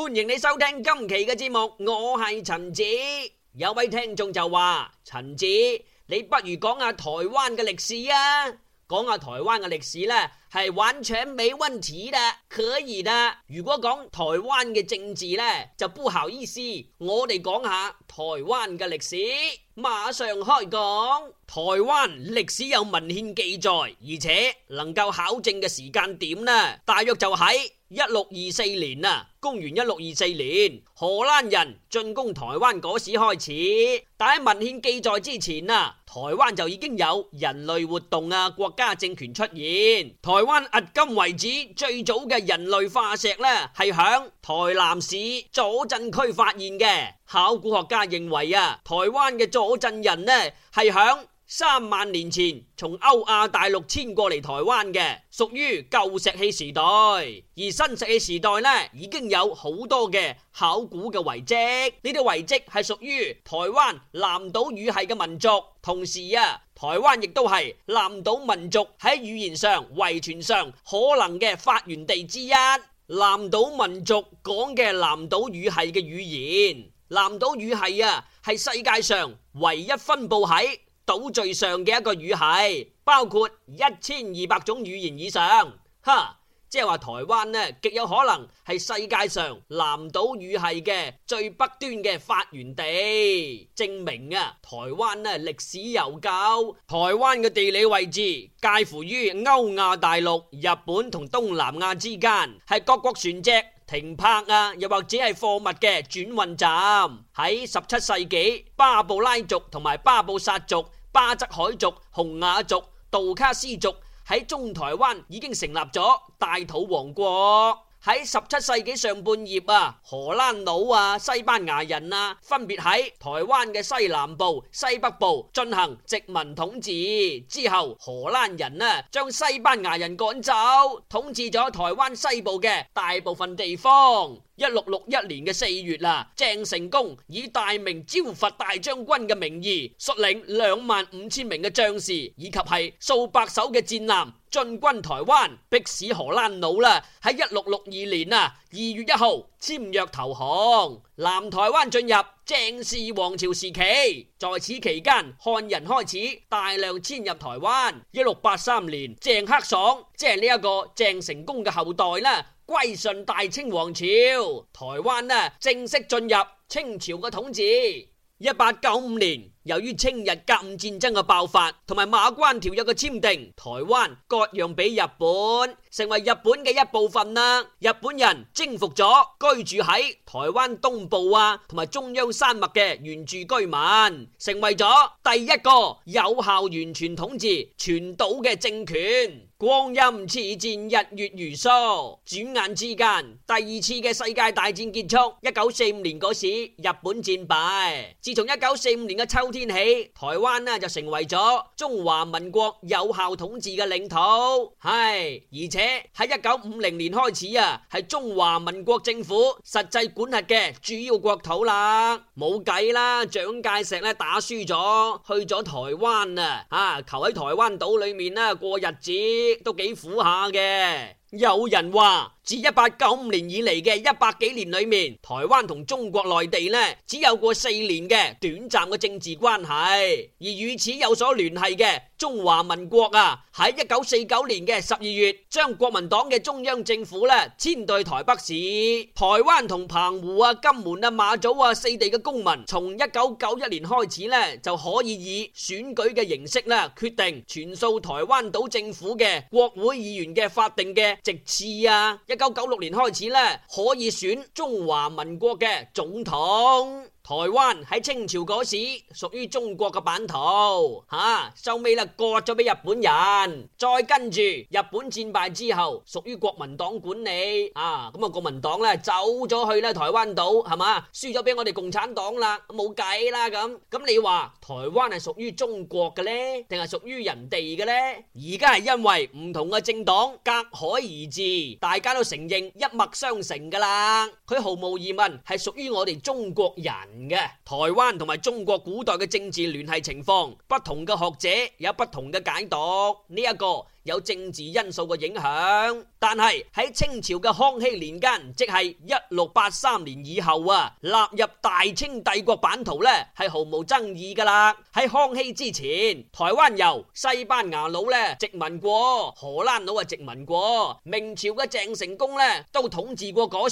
歡迎你收聽今期嘅節目，我係陳子。有位聽眾就話：陳子，你不如講下台灣嘅歷史啊！講下台灣嘅歷史呢，係完全冇問題嘅，可以嘅。如果講台灣嘅政治呢，就不好意思。我哋講下台灣嘅歷史，馬上開講。台灣歷史有文獻記載，而且能夠考證嘅時間點呢，大約就喺、是。一六二四年啊，公元一六二四年，荷蘭人進攻台灣嗰時開始，但喺文獻記載之前啊，台灣就已經有人類活動啊，國家政權出現。台灣迄今為止最早嘅人類化石咧，係響台南市左鎮區發現嘅。考古學家認為啊，台灣嘅左鎮人咧係響。三萬年前從歐亞大陸遷過嚟台灣嘅，屬於舊石器時代；而新石器時代呢，已經有好多嘅考古嘅遺跡。呢啲遺跡係屬於台灣南島語系嘅民族，同時啊，台灣亦都係南島民族喺語言上、遺傳上可能嘅發源地之一。南島民族講嘅南島語系嘅語言，南島語系啊，係世界上唯一分布喺。島最上嘅一個語系，包括一千二百種語言以上，哈！即係話台灣呢，極有可能係世界上南島語系嘅最北端嘅發源地，證明啊，台灣呢歷史悠久。台灣嘅地理位置介乎於歐亞大陸、日本同東南亞之間，係各國船隻停泊啊，又或者係貨物嘅轉運站。喺十七世紀，巴布拉族同埋巴布薩族。沙澤海族、洪雅族、道卡斯族喺中台灣已經成立咗大土王國。喺十七世紀上半葉啊，荷蘭佬啊、西班牙人啊，分別喺台灣嘅西南部、西北部進行殖民統治。之後，荷蘭人呢將西班牙人趕走，統治咗台灣西部嘅大部分地方。一六六一年嘅四月啦，鄭成功以大明招伐大將軍嘅名義率領兩萬五千名嘅將士，以及係數百艘嘅戰艦，進軍台灣，迫使荷蘭佬啦喺一六六二年啊二月一號簽約投降，南台灣進入鄭氏王朝時期。在此期間，漢人開始大量遷入台灣。一六八三年，鄭克爽即係呢一個鄭成功嘅後代啦，歸順大清王朝，台灣啊正式進入清朝嘅統治。一八九五年，由於清日甲午戰爭嘅爆發同埋馬關條約嘅簽訂，台灣割讓俾日本，成為日本嘅一部分啦。日本人征服咗居住喺台灣東部啊同埋中央山脈嘅原住居民，成為咗第一個有效完全統治全島嘅政權。光陰似箭，日月如梭，轉眼之間，第二次嘅世界大戰結束。一九四五年嗰時，日本戰敗。自從一九四五年嘅秋天起，台灣呢就成為咗中華民國有效統治嘅領土。係而且喺一九五零年開始啊，係中華民國政府實際管轄嘅主要國土啦。冇計啦，蔣介石呢打輸咗，去咗台灣啊，啊，求喺台灣島裏面呢過日子。都幾苦下嘅，有人話。自一八九五年以嚟嘅一百幾年裏面，台灣同中國內地呢，只有過四年嘅短暫嘅政治關係，而與此有所聯繫嘅中華民國啊，喺一九四九年嘅十二月，將國民黨嘅中央政府呢遷到台北市。台灣同澎湖啊、金門啊、馬祖啊四地嘅公民，從一九九一年開始呢，就可以以選舉嘅形式呢，決定全數台灣島政府嘅國會議員嘅法定嘅席次啊一九九六年開始咧，可以選中華民國嘅總統。台灣喺清朝嗰時屬於中國嘅版圖，吓收尾啦割咗俾日本人，再跟住日本戰敗之後，屬於國民黨管理啊，咁啊國民黨咧走咗去啦台灣島係嘛，輸咗俾我哋共產黨啦，冇計啦咁，咁你話台灣係屬於中國嘅呢，定係屬於人哋嘅呢？而家係因為唔同嘅政黨隔海而治，大家都承認一脈相承噶啦，佢毫無疑問係屬於我哋中國人。嘅台灣同埋中國古代嘅政治聯繫情況，不同嘅學者有不同嘅解讀呢一個。有政治因素嘅影響，但係喺清朝嘅康熙年間，即係一六八三年以後啊，納入大清帝國版圖咧，係毫無爭議噶啦。喺康熙之前，台灣由西班牙佬咧殖民過，荷蘭佬啊殖民過，明朝嘅鄭成功咧都統治過嗰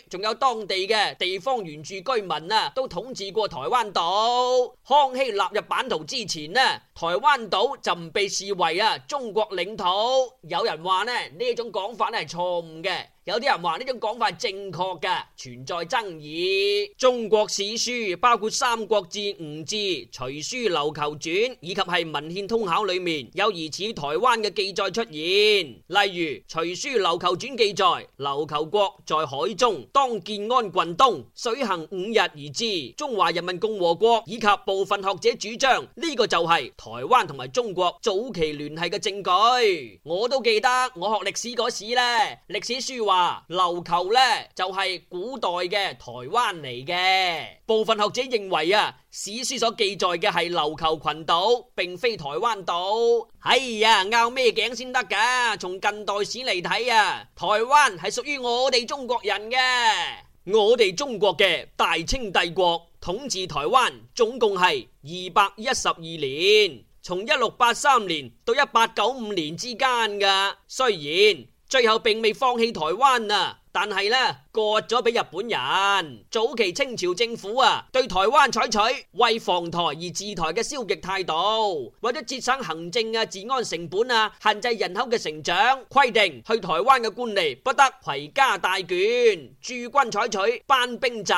處，仲有當地嘅地方原住居民啊都統治過台灣島。康熙納入版圖之前呢？台灣島就唔被視為啊中國領土，有人話咧呢一種講法咧係錯誤嘅。有啲人話呢種講法正確嘅，存在爭議。中國史書包括《三國志》《吳志》、《隋書琉球傳》以及係《文獻通考》裏面，有疑似台灣嘅記載出現。例如《隋書琉球傳》記載琉球國在海中，當建安郡東，水行五日而至。中華人民共和國以及部分學者主張呢個就係台灣同埋中國早期聯繫嘅證據。我都記得我學歷史嗰時咧，歷史書。話琉球呢，就係古代嘅台灣嚟嘅，部分學者認為啊，史書所記載嘅係琉球群島，並非台灣島。哎呀，拗咩頸先得噶？從近代史嚟睇啊，台灣係屬於我哋中國人嘅。我哋中國嘅大清帝國統治台灣總共係二百一十二年，從一六八三年到一八九五年之間噶。雖然。最後並未放棄台灣啊！但係咧，割咗俾日本人。早期清朝政府啊，對台灣採取為防台而治台嘅消極態度，為咗節省行政啊治安成本啊，限制人口嘅成長，規定去台灣嘅官吏不得携家帶眷。駐軍採取班兵制，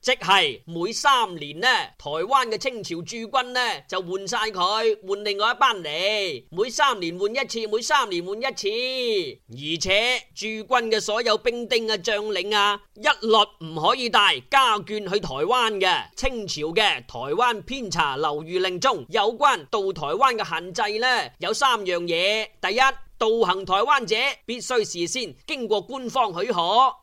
即係每三年呢，台灣嘅清朝駐軍呢就換晒佢，換另外一班嚟。每三年換一次，每三年換一次。而且駐軍嘅所有兵。定係、啊、將領啊，一律唔可以帶家眷去台灣嘅。清朝嘅台灣編查流寓令中有關到台灣嘅限制咧，有三樣嘢。第一，渡行台灣者必須事先經過官方許可，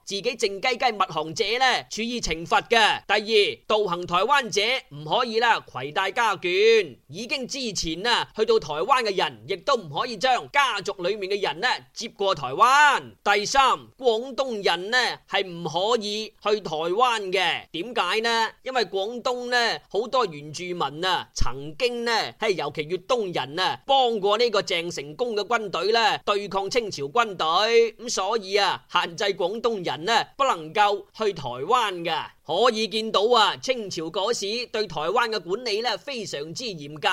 自己靜雞雞勿行者咧處以懲罰嘅。第二，渡行台灣者唔可以啦，攜帶家眷。已經之前啊去到台灣嘅人，亦都唔可以將家族裏面嘅人咧接過台灣。第三，廣東人咧係唔可以去台灣嘅。點解呢？因為廣東呢好多原住民啊，曾經呢係，尤其粵東人啊幫過呢個鄭成功嘅軍隊咧對抗清朝軍隊，咁所以啊，限制廣東人咧，不能夠去台灣㗎。可以見到啊，清朝嗰時對台灣嘅管理咧非常之嚴格，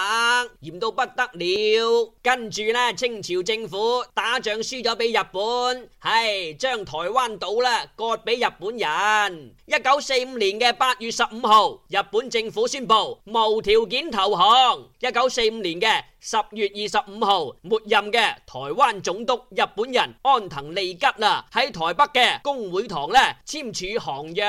嚴到不得了。跟住咧，清朝政府打仗輸咗俾日本，係將台灣島啦割俾日本人。一九四五年嘅八月十五號，日本政府宣布無條件投降。一九四五年嘅十月二十五號，末任嘅台灣總督日本人安藤利吉啦喺台北嘅公會堂咧簽署降約，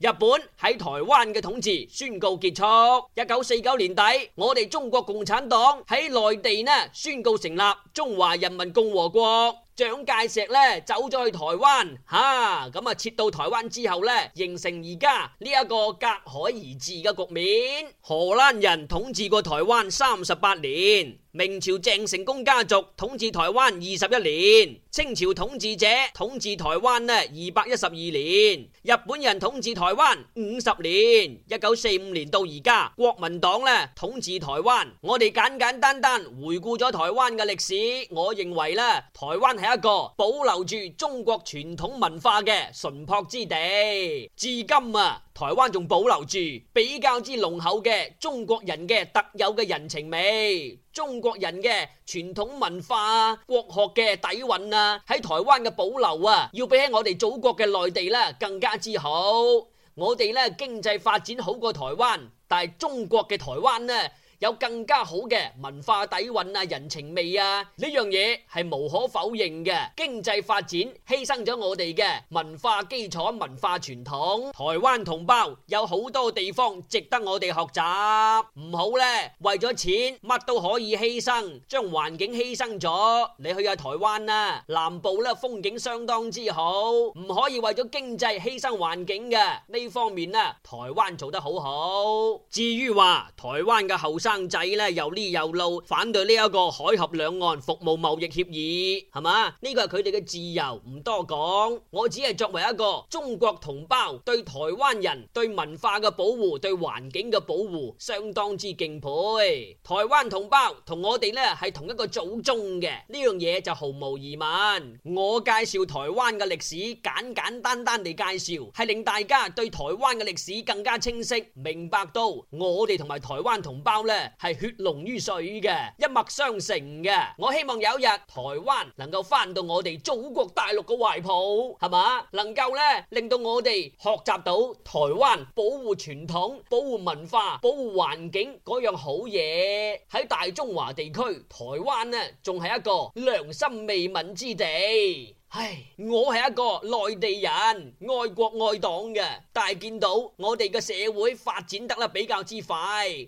日本。本喺台灣嘅統治宣告結束。一九四九年底，我哋中國共產黨喺內地呢宣告成立中華人民共和國。蔣介石呢走咗去台灣，吓咁啊，撤到台灣之後呢形成，而家呢一個隔海而治嘅局面。荷蘭人統治過台灣三十八年，明朝鄭成功家族統治台灣二十一年，清朝統治者統治台灣呢二百一十二年，日本人統治台灣五十年，一九四五年到而家國民黨呢統治台灣。我哋簡簡單單單回顧咗台灣嘅歷史，我認為呢，台灣。係一個保留住中國傳統文化嘅淳樸之地，至今啊，台灣仲保留住比較之濃厚嘅中國人嘅特有嘅人情味、中國人嘅傳統文化啊、國學嘅底蘊啊，喺台灣嘅保留啊，要比喺我哋祖國嘅內地咧更加之好。我哋咧經濟發展好過台灣，但係中國嘅台灣呢。有更加好嘅文化底蘊啊，人情味啊，呢樣嘢係無可否認嘅。經濟發展犧牲咗我哋嘅文化基礎、文化傳統。台灣同胞有好多地方值得我哋學習，唔好咧為咗錢乜都可以犧牲，將環境犧牲咗。你去下台灣啊，南部咧風景相當之好，唔可以為咗經濟犧牲環境嘅呢方面啊。台灣做得好好。至於話台灣嘅後生。生仔咧又呢又老，反對呢一個海峽兩岸服務貿易協議係嘛？呢個係佢哋嘅自由，唔多講。我只係作為一個中國同胞，對台灣人、對文化嘅保護、對環境嘅保護，相當之敬佩。台灣同胞同我哋呢係同一個祖宗嘅，呢樣嘢就毫無疑問。我介紹台灣嘅歷史，簡簡單單地介紹，係令大家對台灣嘅歷史更加清晰，明白到我哋同埋台灣同胞呢。係血濃於水嘅一脈相承嘅，我希望有一日台灣能夠返到我哋祖國大陸嘅懷抱，係嘛？能夠呢，令到我哋學習到台灣保護傳統、保護文化、保護環境嗰樣好嘢。喺大中華地區，台灣呢，仲係一個良心未泯之地。唉，我係一個內地人，愛國愛黨嘅，但係見到我哋嘅社會發展得啦比較之快，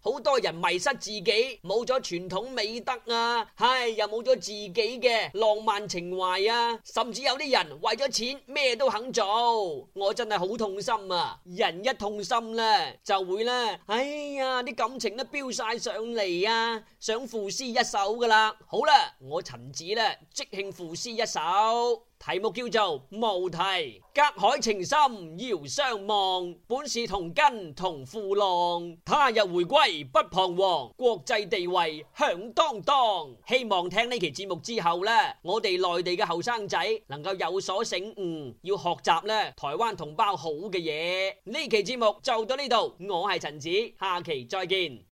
好多人迷失自己，冇咗傳統美德啊，唉，又冇咗自己嘅浪漫情懷啊，甚至有啲人為咗錢咩都肯做，我真係好痛心啊！人一痛心呢，就會呢，唉呀，啲感情都飆晒上嚟啊，想賦詩一首噶啦，好啦，我陳子呢，即興賦詩一首。題目叫做《無題》，隔海情深遙相望，本是同根同父浪，他日回歸不彷徨。國際地位響當當，希望聽呢期節目之後呢，我哋內地嘅後生仔能夠有所醒悟，要學習呢台灣同胞好嘅嘢。呢期節目就到呢度，我係陳子，下期再見。